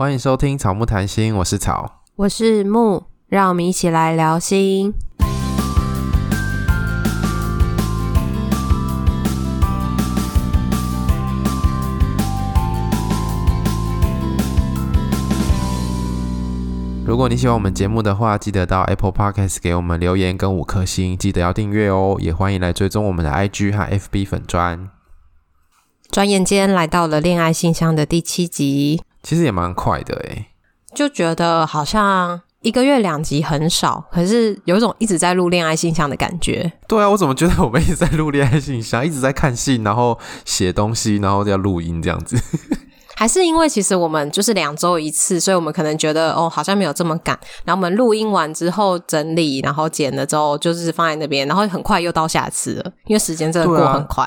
歡迎收聽《草木談心》，我是草，我是木，讓我們一起來聊心。如果你喜歡我們節目的話，記得到 Apple Podcast 給我們留言跟五顆星，記得要訂閱哦，也歡迎來追蹤我們的 IG 和 FB 粉專。轉眼間來到了練愛信箱的第七集。其實也蠻快的哎、欸，就覺得好像一個月兩集很少，可是有一種一直在錄練愛信箱的感覺。對啊，我怎麼覺得我們一直在錄練愛信箱，一直在看信，然後寫東西，然後要錄音這樣子？ 還是因為其實我們就是兩週一次，所以我們可能覺得哦，好像沒有這麼趕。然後我們錄音完之後整理，然後剪了之後就是放在那邊，然後很快又到下次了，因為時間真的過很快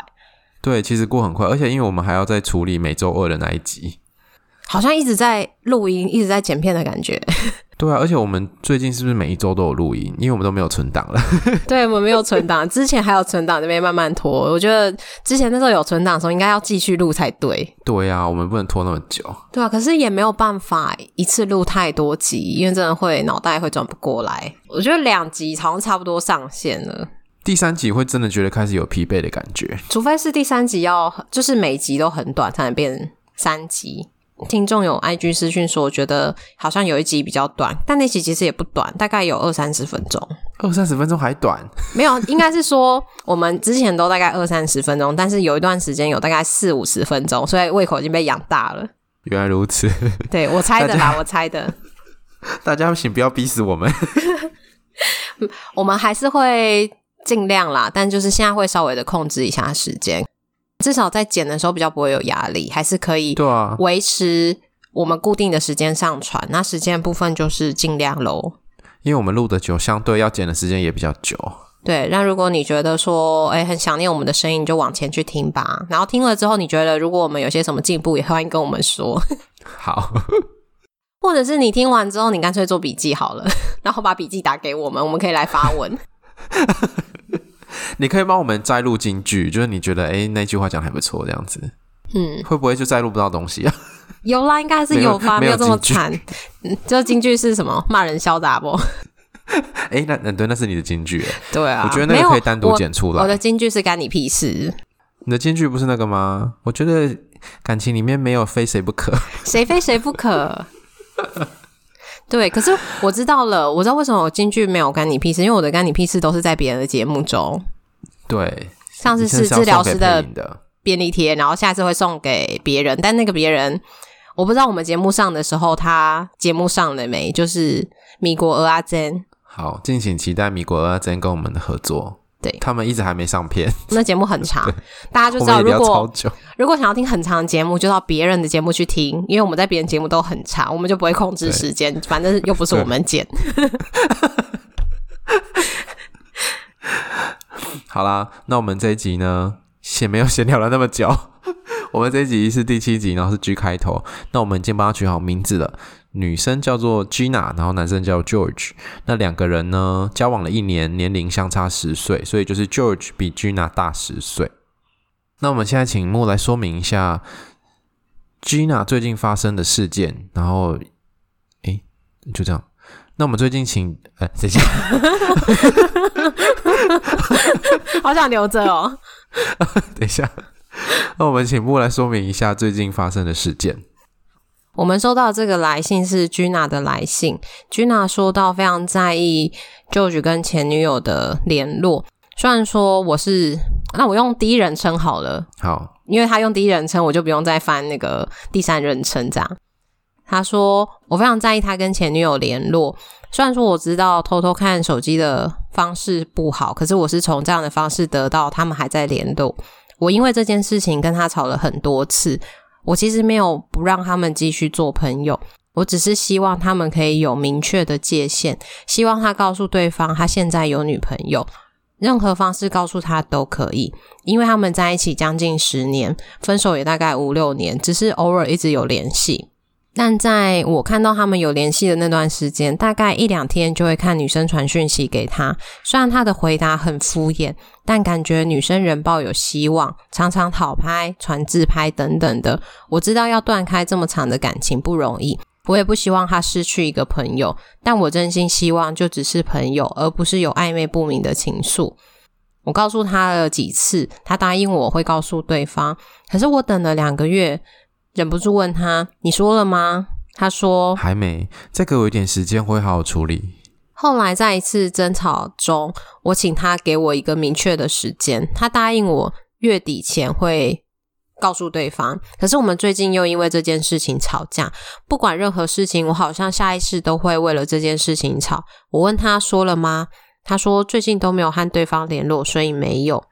對、啊。對，其實過很快，而且因為我們還要再處理每週二的那一集。好像一直在錄音，一直在剪片的感覺。對啊，而且我們最近是不是每一周都有錄音？因為我們都沒有存檔了。 對，我們沒有存檔，之前還有存檔，這邊慢慢拖。我覺得之前那時候有存檔的時候，應該要繼續錄才對。對啊，我們不能拖那麼久。對啊，可是也沒有辦法一次錄太多集，因為真的會腦袋會轉不過來。我覺得兩集好像差不多上限了，第三集會真的覺得開始有疲憊的感覺。除非是第三集要，就是每集都很短，才能變三集。聽眾有 IG 私訊說，我覺得好像有一集比較短，但那集其實也不短，大概有二三十分鐘。二三十分鐘還短？沒有，應該是說我們之前都大概二三十分鐘， 但是有一段時間有大概四五十分鐘，所以胃口已經被養大了。原來如此，對，我猜的啦，我猜的。大家請不要逼死我們。 我們還是會儘量啦，但就是現在會稍微的控制一下時間。至少在剪的時候比較不會有壓力，還是可以維持我們固定的時間上傳。對啊、那時間部分就是盡量嘍，因為我們錄的久，相對要剪的時間也比較久。對，那如果你覺得說，哎、欸，很想念我們的聲音，你就往前去聽吧。然後聽了之後，你覺得如果我們有些什麼進步，也歡迎跟我們說。 好，或者是你聽完之後，你乾脆做筆記好了，然後把筆記打給我們，我們可以來發文。 你可以幫我們摘錄金句，就是你覺得哎、欸、那句話講還不錯這樣子，嗯，會不會就摘錄不到東西啊？有啦，應該是有吧，沒有，沒，有沒有這麼慘？嗯，這金句是什麼？罵人瀟灑、啊、不？哎、欸，那，那對，那是你的金句對啊，我覺得那個可以單獨有我剪出來。我的金句是干你屁事？你的金句不是那個嗎？我覺得感情裡面沒有非誰不可，誰非誰不可。 對，可是我知道了， 我知道為什麼金句沒有干你屁事，因為我的干你屁事都是在別人的節目中。對，上次是治療師的便利貼，然後下次會送給別人，但那個別人我不知道。我們節目上的時候，他節目上了沒？就是米國蚵仔煎。好，敬請期待米國蚵仔煎跟我們的合作。對，他們一直還沒上片，那節目很長，對大家就知道久，如果如果想要聽很長的節目，就到別人的節目去聽，因為我們在別人節目都很長，我們就不會控制時間，對反正又不是我們剪。對 好啦，那我們這一集呢，閒沒有閒聊了那麼久， 我們這一集是第七集，然後是 G 開頭，那我們已經幫他取好名字了。女生叫做 Gina，然後男生叫 George。那兩個人呢，交往了一年，年齡相差十歲，所以就是 George 比 Gina 大十歲。那我們現在請木來說明一下 Gina 最近發生的事件。然後，哎、欸，就這樣。那我們最近請，哎、呃，等一下， 好想留着哦。 等一下，那我們請木來說明一下最近發生的事件。我們收到這個來信是 Gina 的來信。Gina 說到非常在意 George，跟前女友的聯絡，雖然說我是，那我用第一人稱好了，好，因為他用第一人稱，我就不用再翻那個第三人稱這樣。他說我非常在意他跟前女友聯絡，雖然說我知道偷偷看手機的方式不好，可是我是從這樣的方式得到他們還在聯絡。我因為這件事情跟他吵了很多次。我其實沒有不讓他們繼續做朋友，我只是希望他們可以有明確的界限，希望他告訴對方他現在有女朋友，任何方式告訴他都可以，因為他們在一起將近十年，分手也大概五六年，只是偶爾一直有聯繫。但在我看到他們有聯繫的那段時間，大概一兩天就會看女生傳訊息給他。雖然他的回答很敷衍，但感覺女生仍抱有希望，常常討拍、傳自拍等等的。我知道要斷開這麼長的感情不容易，我也不希望他失去一個朋友，但我真心希望就只是朋友，而不是有曖昧不明的情愫。我告訴他了幾次，他答應我會告訴對方，可是我等了兩個月。忍不住問他：“你說了嗎？”他說：“還沒，再給我一點時間，會好好處理。”後來在一次爭吵中，我請他給我一個明確的時間，他答應我月底前會告訴對方。可是我們最近又因為這件事情吵架。不管任何事情，我好像下意識都會為了這件事情吵。我問他：“說了嗎？”他說：“最近都沒有和對方聯絡，所以沒有。”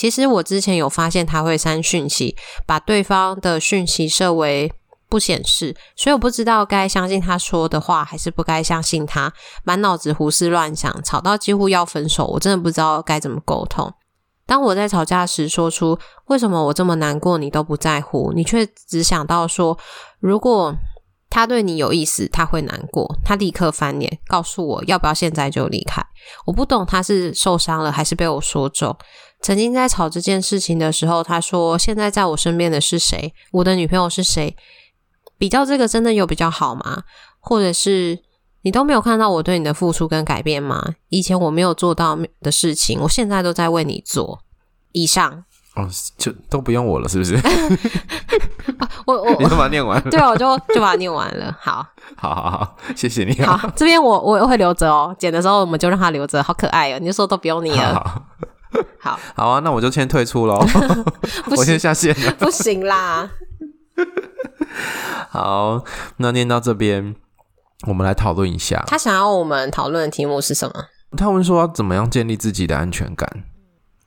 其實我之前有發現他會刪訊息，把對方的訊息設為不顯示，所以我不知道該相信他說的話，還是不該相信他。滿腦子胡思亂想，吵到幾乎要分手，我真的不知道該怎麼溝通。當我在吵架時，說出為什麼我這麼難過，你都不在乎，你卻只想到說，如果他對你有意思，他會難過，他立刻翻臉，告訴我要不要現在就離開。我不懂他是受傷了，還是被我說中。曾經在吵這件事情的時候，他說：“現在在我身邊的是誰？我的女朋友是誰？比較這個真的有比較好嗎？或者是你都沒有看到我對你的付出跟改變嗎？以前我沒有做到的事情，我現在都在為你做。”以上哦，就都不用我了，是不是？ 我我你都把它念完了， 對啊，我就就把它念完了。好，好好好，謝謝你哦。好，這邊我我也會留着哦，剪的時候我們就讓它留着，好可愛哦。你就說都不用你了。好好好好啊，那我就先退出嘍。 行我先下線，不行啦。 好，那念到這邊，我們來討論一下，他想要我們討論的題目是什麼？他問說，要怎麼樣建立自己的安全感？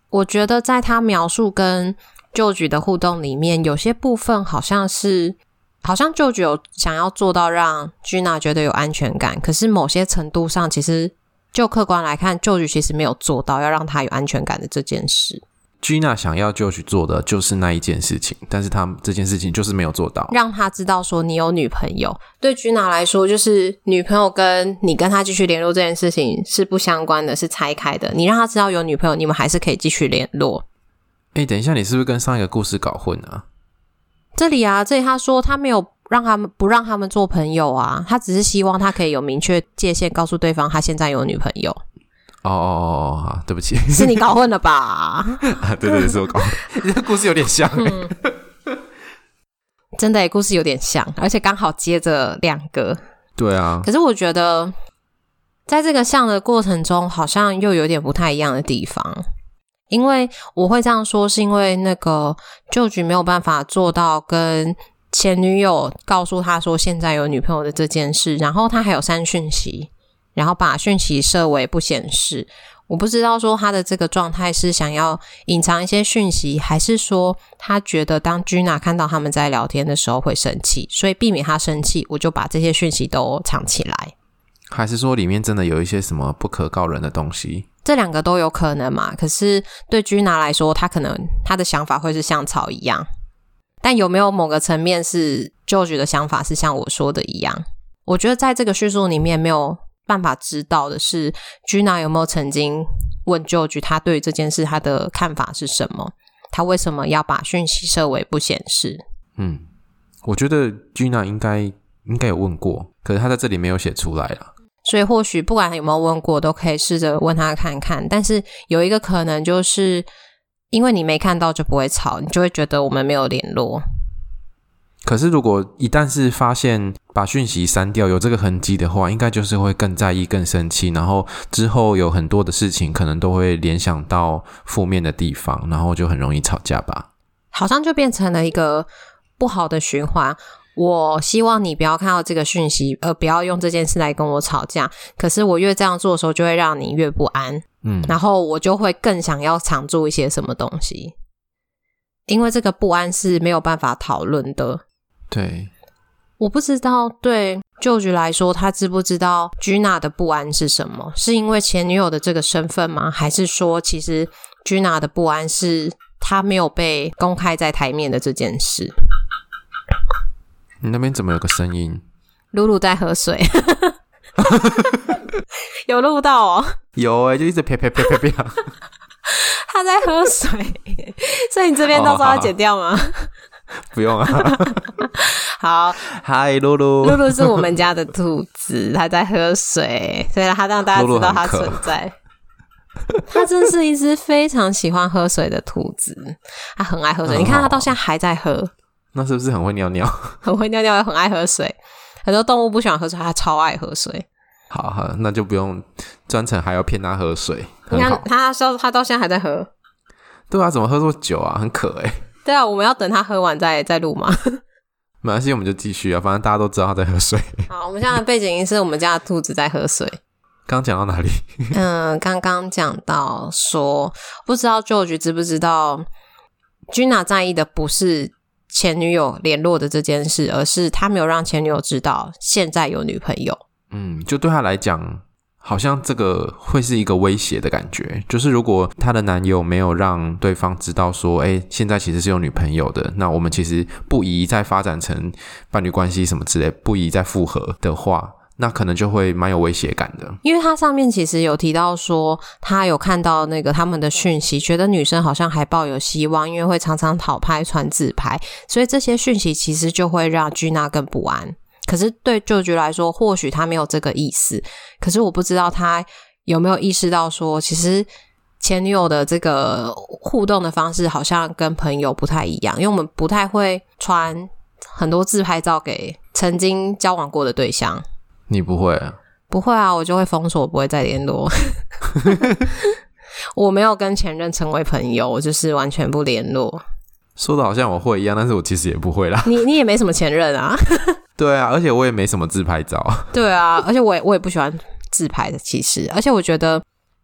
我覺得，在他描述跟舅舅的互動裡面，有些部分好像是，好像舅舅有想要做到讓 Gina 覺得有安全感，可是某些程度上，其實。就客觀來看，就局其實沒有做到要讓他有安全感的這件事。Gina 想要就局做的就是那一件事情，但是他這件事情就是沒有做到。讓他知道說你有女朋友，對 Gina 來說就是女朋友跟你跟他繼續聯絡這件事情是不相關的，是拆開的。你讓他知道有女朋友，你們還是可以繼續聯絡。誒、欸，等一下，你是不是跟上一個故事搞混了，啊？這裡啊，這裡他說他沒有。讓他們，不讓他們做朋友啊！他只是希望他可以有明確界限，告訴對方他現在有女朋友。哦，哦，哦對不起， 是你搞混了吧？啊、對，對對， 是我搞混。你這 故事有點像、欸嗯，真的、欸，故事有點像，而且剛好接着兩個。對啊。可是我覺得，在這個像的過程中，好像又有點不太一樣的地方。因為我會這樣說，是因為那個舊局沒有辦法做到跟前女友告訴他說現在有女朋友的這件事，然後他還有刪訊息，然後把訊息設為不顯示。我不知道說他的這個狀態是想要隱藏一些訊息，還是說他覺得當 Gina 看到他們在聊天的時候會生氣，所以避免他生氣，我就把這些訊息都藏起來。還是說裡面真的有一些什麼不可告人的東西？這兩個都有可能嘛？可是對 Gina 來說，他可能他的想法會是像草一樣。但有沒有某個層面是 George 的想法是像我說的一樣？我覺得在這個敘述裡面沒有辦法知道的是，Gina 有沒有曾經問 George 他對這件事他的看法是什麼？他為什麼要把訊息設為不顯示？嗯，我覺得 Gina 應該應該有問過，可是他在這裡沒有寫出來啦。所以或許不管有沒有問過，都可以試着問他看看。但是有一個可能就是。因為你沒看到就不會吵，你就會覺得我們沒有聯絡。可是如果一旦是發現把訊息刪掉，有這個痕跡的話，應該就是會更在意、更生氣，然後之後有很多的事情可能都會聯想到負面的地方，然後就很容易吵架吧。好像就變成了一個不好的循環。我希望你不要看到這個訊息，呃，不要用這件事來跟我吵架。可是我越這樣做的時候，就會讓你越不安，嗯，然後我就會更想要藏住一些什麼東西，因為這個不安是沒有辦法討論的。對，我不知道對舊局來說，他知不知道 Gina 的不安是什麼？是因為前女友的這個身份嗎？還是說，其實 Gina 的不安是他沒有被公開在台面的這件事？你那邊怎麼有個聲音？露露在喝水， 有錄到哦，喔。有誒、欸、就一直啪啪啪啪啪。 他在喝水， 所以你這邊到時候要剪掉嗎？哦，好好不用啊。 好嗨，露露 Lulu。露露是我們家的兔子，它在喝水，所以它讓大家知道它存在。它 真是一隻非常喜歡喝水的兔子，它很愛喝水。哦，你看，它到現在還在喝。那是不是很會尿尿？很會尿尿，很愛喝水，很多動物不喜歡喝水，它超愛喝水。好好，那就不用專程還要騙它喝水。你看，它到它到現在還在喝。對啊，怎麼喝這麼久啊？很渴哎。對啊，我們要等它喝完再再錄嗎？沒關係，我們就繼續啊，反正大家都知道它在喝水。好，我們現在的背景音是我們家的兔子在喝水。剛講 到哪裡？ 嗯，剛剛講到說，不知道 j o j 知不知道君娜 n a 在意的不是。前女友聯絡的這件事，而是他沒有讓前女友知道現在有女朋友。嗯，就對他來講，好像這個會是一個威脅的感覺。就是如果他的男友沒有讓對方知道說，哎，現在其實是有女朋友的，那我們其實不宜再發展成伴侶關係什麼之類，不宜再復合的話。那可能就會蠻有威脅感的，因為他上面其實有提到說，他有看到那個他們的訊息，覺得女生好像還抱有希望，因為會常常討拍、傳自拍，所以這些訊息其實就會讓 Gina 更不安。可是對舅舅來說，或許他沒有這個意思，可是我不知道他有沒有意識到說，其實前女友的這個互動的方式好像跟朋友不太一樣，因為我們不太會傳很多自拍照給曾經交往過的對象。你不會啊？不會啊，我就會封鎖，我不會再聯絡。 我沒有跟前任成為朋友，我就是完全不聯絡。 說的好像我會一樣，但是我其實也不會啦。你你也沒什麼前任啊？ 對啊，而且我也沒什麼自拍照。對啊，而且我也我也不喜歡自拍的其實，而且我覺得，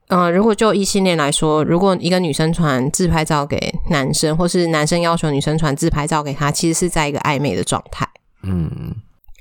嗯、呃，如果就異性戀來說，如果一個女生傳自拍照給男生，或是男生要求女生傳自拍照給他，其實是在一個曖昧的狀態。嗯。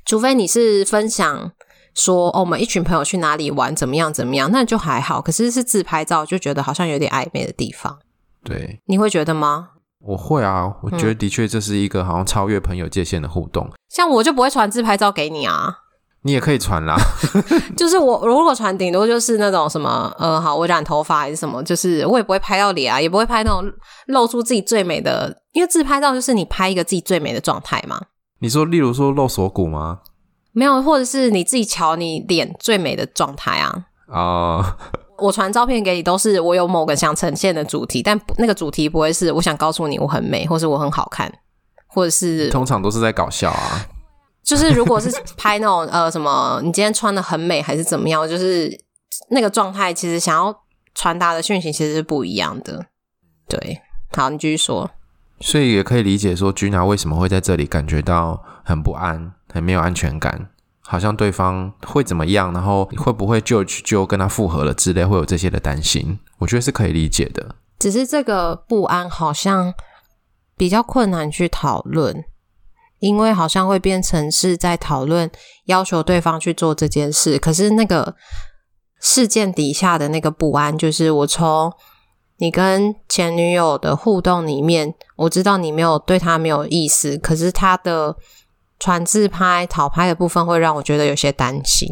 除非你是分享。說哦，我們一群朋友去哪裡玩，怎麼樣怎麼樣，那就還好。可是是自拍照，就覺得好像有點曖昧的地方。對，你會覺得嗎？我會啊，我覺得的確這是一個好像超越朋友界限的互動。嗯、像我就不會傳自拍照給你啊，你也可以傳啦。 就是我如果傳，頂多就是那種什麼，呃，好，我染頭髮還是什麼，就是我也不會拍到臉啊，也不會拍那種露出自己最美的，因為自拍照就是你拍一個自己最美的狀態嘛。你說，例如說露鎖骨嗎？沒有，或者是你自己瞧你臉最美的狀態啊。哦，oh. 我傳照片給你都是我有某個想呈現的主題，但那個主題不會是我想告訴你我很美，或是我很好看，或者是通常都是在搞笑啊。就是如果是拍那種 呃什麼，你今天穿得很美還是怎麼樣，就是那個狀態其實想要傳達的訊息其實是不一樣的。對，好，你繼續說。所以也可以理解說，Gina 為什麼會在這裡感覺到很不安。很沒有安全感，好像對方會怎麼樣，然後會不會就就跟他復合了之類，會有這些的擔心，我覺得是可以理解的。只是這個不安好像比較困難去討論，因為好像會變成是在討論要求對方去做這件事。可是那個事件底下的那個不安，就是我從你跟前女友的互動裡面，我知道你沒有對他沒有意思，可是他的……傳自拍、討拍的部分會讓我覺得有些擔心。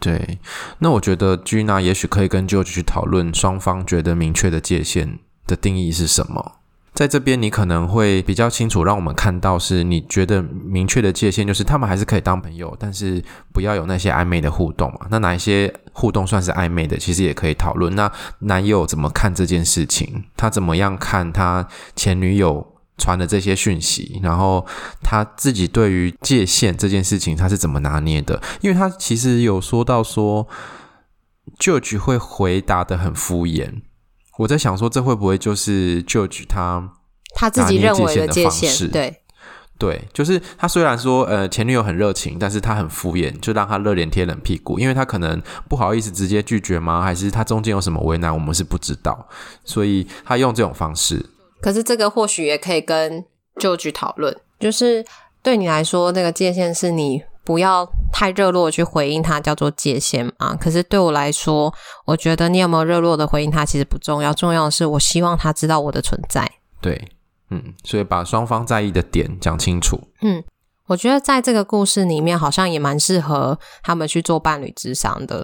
對，那我覺得 Gina 也許可以跟舅舅去討論，雙方覺得明確的界限的定義是什麼？在這邊，你可能會比較清楚，讓我們看到是你覺得明確的界限，就是他們還是可以當朋友，但是不要有那些曖昧的互動嘛。那哪一些互動算是曖昧的，其實也可以討論。那男友怎麼看這件事情？他怎麼樣看他前女友？傳的這些訊息，然後他自己對於界限這件事情，他是怎麼拿捏的？因為他其實有說到說，Judge 會回答得很敷衍。我在想說，這會不會就是 Judge 他拿捏他自己認為的界限？對，對，就是他雖然說呃前女友很熱情，但是他很敷衍，就讓他熱臉貼冷屁股。因為他可能不好意思直接拒絕嗎？還是他中間有什麼為難？我們是不知道，所以他用這種方式。可是這個或許也可以跟舊劇討論，就是對你來說，那個界限是你不要太熱絡地去回應他，叫做界限啊。可是對我來說，我覺得你有沒有熱絡的回應他其實不重要，重要的是我希望他知道我的存在。對，嗯，所以把雙方在意的點講清楚。嗯，我覺得在這個故事裡面，好像也蠻適合他們去做伴侶諮商的。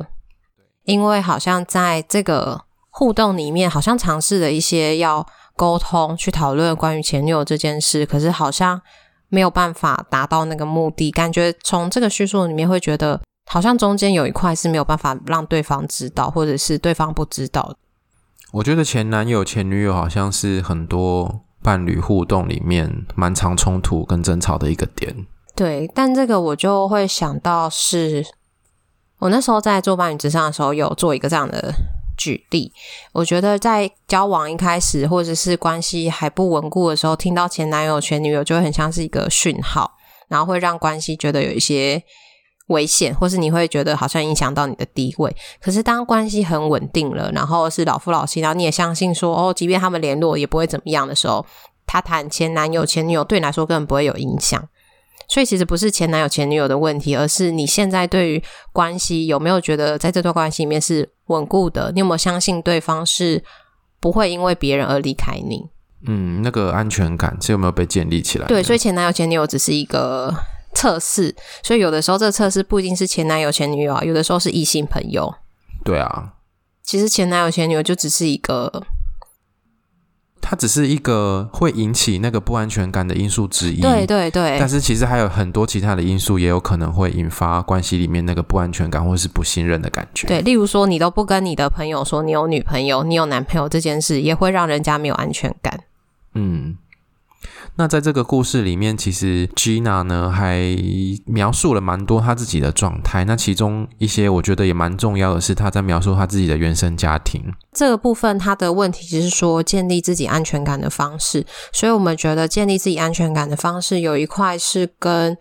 對，因為好像在這個互動裡面，好像嘗試了一些要。溝通去討論關於前女友這件事，可是好像沒有辦法達到那個目的，感覺從這個敘述裡面會覺得，好像中間有一塊是沒有辦法讓對方知道，或者是對方不知道。我覺得前男友、前女友好像是很多伴侶互動裡面蠻常衝突跟爭吵的一個點。對，但這個我就會想到是，我那時候在做伴侶諮商的時候，有做一個這樣的。舉例，我覺得在交往一開始，或者是關係還不穩固的時候，聽到前男友、前女友，就會很像是一個訊號，然後會讓關係覺得有一些危險，或是你會覺得好像影響到你的地位。可是當關係很穩定了，然後是老夫老妻，然後你也相信說，哦，即便他們聯絡也不會怎麼樣的時候，他談前男友、前女友，對你來說根本不會有影響。所以其實不是前男友、前女友的問題，而是你現在對於關係有沒有覺得在這段關係裡面是。穩固的，你有沒有相信對方是不會因為別人而離開你？嗯，那個安全感是有沒有被建立起來？對，所以前男友、前女友只是一個測試，所以有的時候這個測試不一定是前男友、前女友，啊，有的時候是異性朋友。對啊，其實前男友、前女友就只是一個。它只是一個會引起那個不安全感的因素之一，對對對。但是其實還有很多其他的因素也有可能會引發關係裡面那個不安全感或是不信任的感覺。對，例如說你都不跟你的朋友說你有女朋友、你有男朋友這件事，也會讓人家沒有安全感。嗯。那在這個故事裡面，其實 Gina 呢還描述了蠻多她自己的狀態。那其中一些我覺得也蠻重要的，是她在描述她自己的原生家庭這個部分。她的問題就是說建立自己安全感的方式，所以我們覺得建立自己安全感的方式有一塊是跟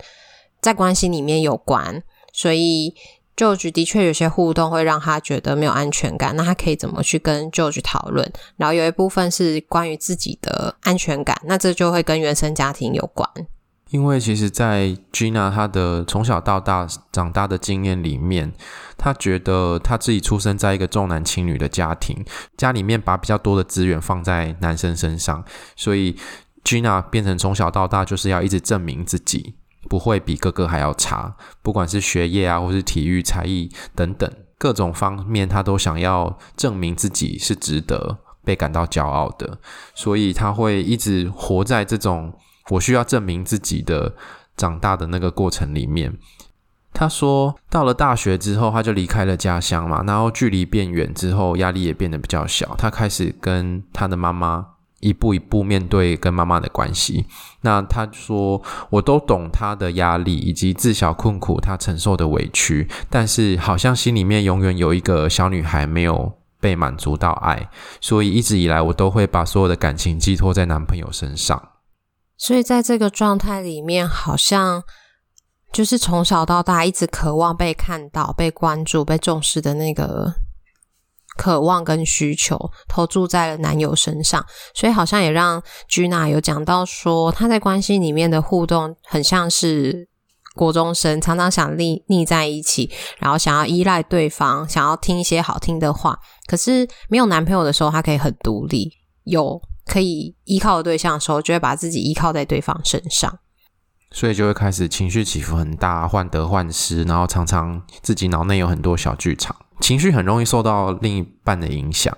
在關係裡面有關，所以。George 的確有些互動會讓他覺得沒有安全感，那他可以怎麼去跟 George 討論？然後有一部分是關於自己的安全感，那這就會跟原生家庭有關。因為其實，在 Gina 她的從小到大長大的經驗裡面，她覺得她自己出生在一個重男輕女的家庭，家裡面把比較多的資源放在男生身上，所以 Gina 變成從小到大就是要一直證明自己。不會比哥哥還要差，不管是學業啊，或是體育才藝等等各種方面，他都想要證明自己是值得被感到驕傲的，所以他會一直活在這種我需要證明自己的長大的那個過程裡面。他說到了大學之後，他就離開了家鄉嘛，然後距離變遠之後，壓力也變得比較小，他開始跟他的媽媽。一步一步面對跟媽媽的關係，那他說，我都懂他的壓力以及自小困苦他承受的委屈，但是好像心裡面永遠有一個小女孩沒有被滿足到愛，所以一直以來我都會把所有的感情寄託在男朋友身上。所以在這個狀態裡面，好像就是從小到大一直渴望被看到、被關注、被重視的那個。渴望跟需求投注在了男友身上，所以好像也讓 Gina 有講到說，她在關係裡面的互動很像是國中生，常常想膩膩在一起，然後想要依賴對方，想要聽一些好聽的話。可是沒有男朋友的時候，她可以很獨立；有可以依靠的對象的時候，就會把自己依靠在對方身上，所以就會開始情緒起伏很大，患得患失，然後常常自己腦內有很多小劇場。情緒很容易受到另一半的影響。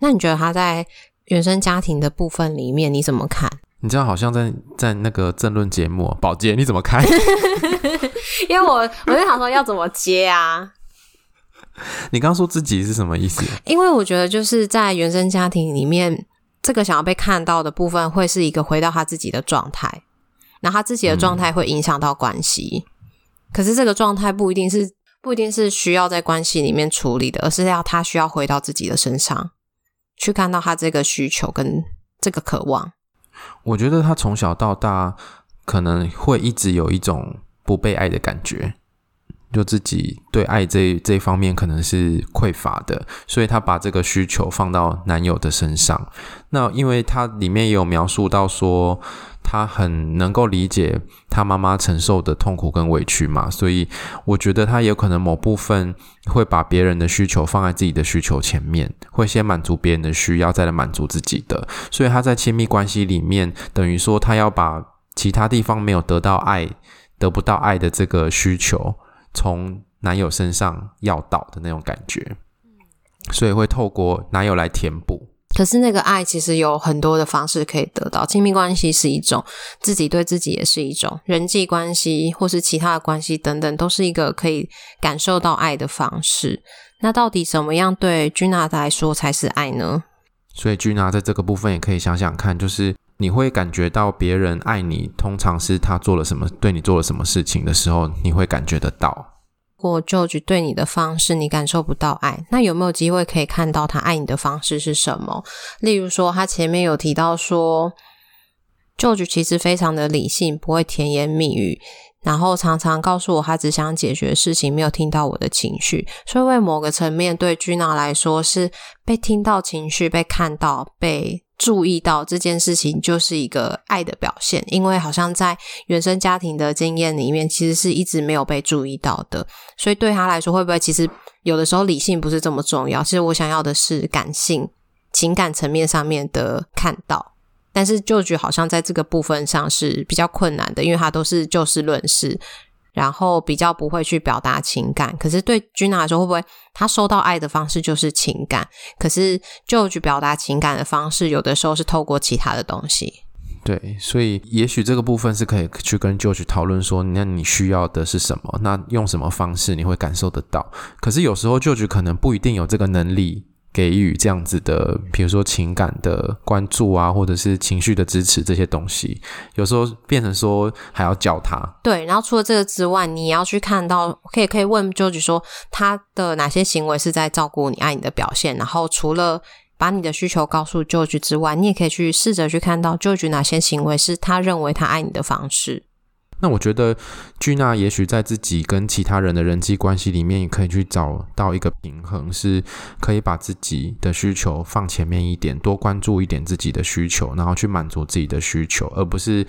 那你覺得他在原生家庭的部分裡面，你怎麼看？你知道好像在在那個政論節目，寶傑你怎麼看？ 因為我我在想說要怎麼接啊？ 你剛剛說自己是什麼意思？因為我覺得就是在原生家庭裡面，這個想要被看到的部分，會是一個回到他自己的狀態，然後他自己的狀態會影響到關係。嗯、可是這個狀態不一定是。不一定是需要在關係裡面處理的，而是要他需要回到自己的身上去看到他這個需求跟這個渴望。我覺得他從小到大可能會一直有一種不被愛的感覺，就自己對愛這這方面可能是匱乏的，所以他把這個需求放到男友的身上。那因為他裡面也有描述到說。他很能夠理解他媽媽承受的痛苦跟委屈嘛，所以我覺得他也有可能某部分會把別人的需求放在自己的需求前面，會先滿足別人的需要，再來滿足自己的。所以他在親密關係裡面，等於說他要把其他地方沒有得到愛、得不到愛的這個需求，從男友身上要到的那種感覺，所以會透過男友來填補。可是那個愛其實有很多的方式可以得到，親密關係是一種，自己對自己也是一種，人際關係，或是其他的關係等等，都是一個可以感受到愛的方式。那到底怎麼樣對君娜來說才是愛呢？所以君娜在這個部分也可以想想看，就是你會感覺到別人愛你，通常是他做了什麼，對你做了什麼事情的時候，你會感覺得到。果舅舅對你的方式，你感受不到愛。那有沒有機會可以看到他愛你的方式是什麼？例如說，他前面有提到說，舅舅其實非常的理性，不會甜言蜜語，然後常常告訴我他只想解決事情，沒有聽到我的情緒。所以，為某個層面對居娜來說，是被聽到情緒、被看到、被。注意到這件事情就是一個愛的表現，因為好像在原生家庭的經驗裡面，其實是一直沒有被注意到的，所以對他來說，會不會其實有的時候理性不是這麼重要？其實我想要的是感性、情感層面上面的看到，但是舅舅好像在這個部分上是比較困難的，因為他都是就事論事。然後比較不會去表達情感，可是對君娜來說，會不會他收到愛的方式就是情感？可是 George 表達情感的方式，有的時候是透過其他的東西。對，所以也許這個部分是可以去跟 George 討論說，那你需要的是什麼？那用什麼方式你會感受得到？可是有時候 George 可能不一定有這個能力。給予這樣子的，比如說情感的關注啊，或者是情緒的支持這些東西，有時候變成說還要教他。對，然後除了這個之外，你也要去看到，可以可以問舅舅說他的哪些行為是在照顧你愛你的表現。然後除了把你的需求告訴舅舅之外，你也可以去試着去看到舅舅哪些行為是他認為他愛你的方式。那我覺得，Gina 也許在自己跟其他人的人際關係裡面，也可以去找到一個平衡，是可以把自己的需求放前面一點，多關注一點自己的需求，然後去滿足自己的需求，而不是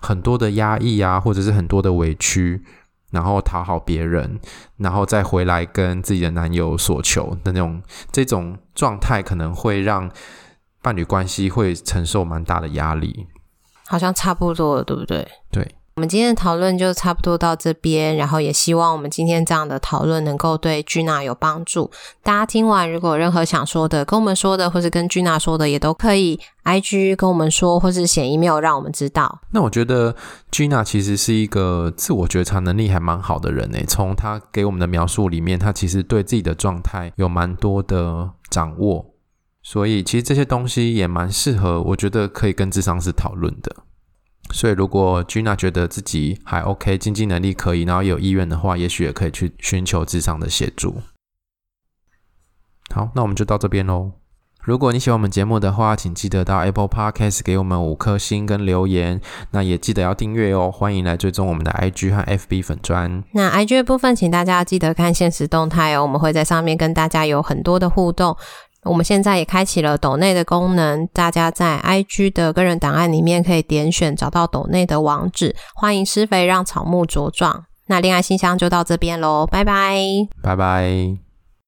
很多的壓抑啊，或者是很多的委屈，然後討好別人，然後再回來跟自己的男友索求的那種這種狀態，可能會讓伴侶關係會承受蠻大的壓力。好像差不多了，對不對？對。我們今天的討論就差不多到這邊，然後也希望我們今天這樣的討論能夠對君娜有幫助。大家聽完如果有任何想說的，跟我們說的，或者跟君娜說的，也都可以 IG 跟我們說，或是寫 email 讓我們知道。那我覺得君娜其實是一個自我覺察能力還蠻好的人誒、欸，從她給我們的描述裡面，她其實對自己的狀態有蠻多的掌握，所以其實這些東西也蠻適合，我覺得可以跟諮商師討論的。所以，如果 n 娜覺得自己還 OK，經濟能力可以，然後有意願的話，也許也可以去尋求智商的協助。好，那我們就到這邊嘍。如果你喜歡我們節目的話，請記得到 Apple Podcast 給我們五顆星跟留言，那也記得要訂閱哦。歡迎來追蹤我們的 IG 和 FB 粉磚，那 IG 的部分，請大家要記得看現實動態哦，我們會在上面跟大家有很多的互動。我們現在也開啟了抖內的功能，大家在 IG 的個人檔案裡面可以點選找到抖內的網址，歡迎施肥讓草木茁壯。那練愛信箱就到這邊嘍，拜拜，拜拜。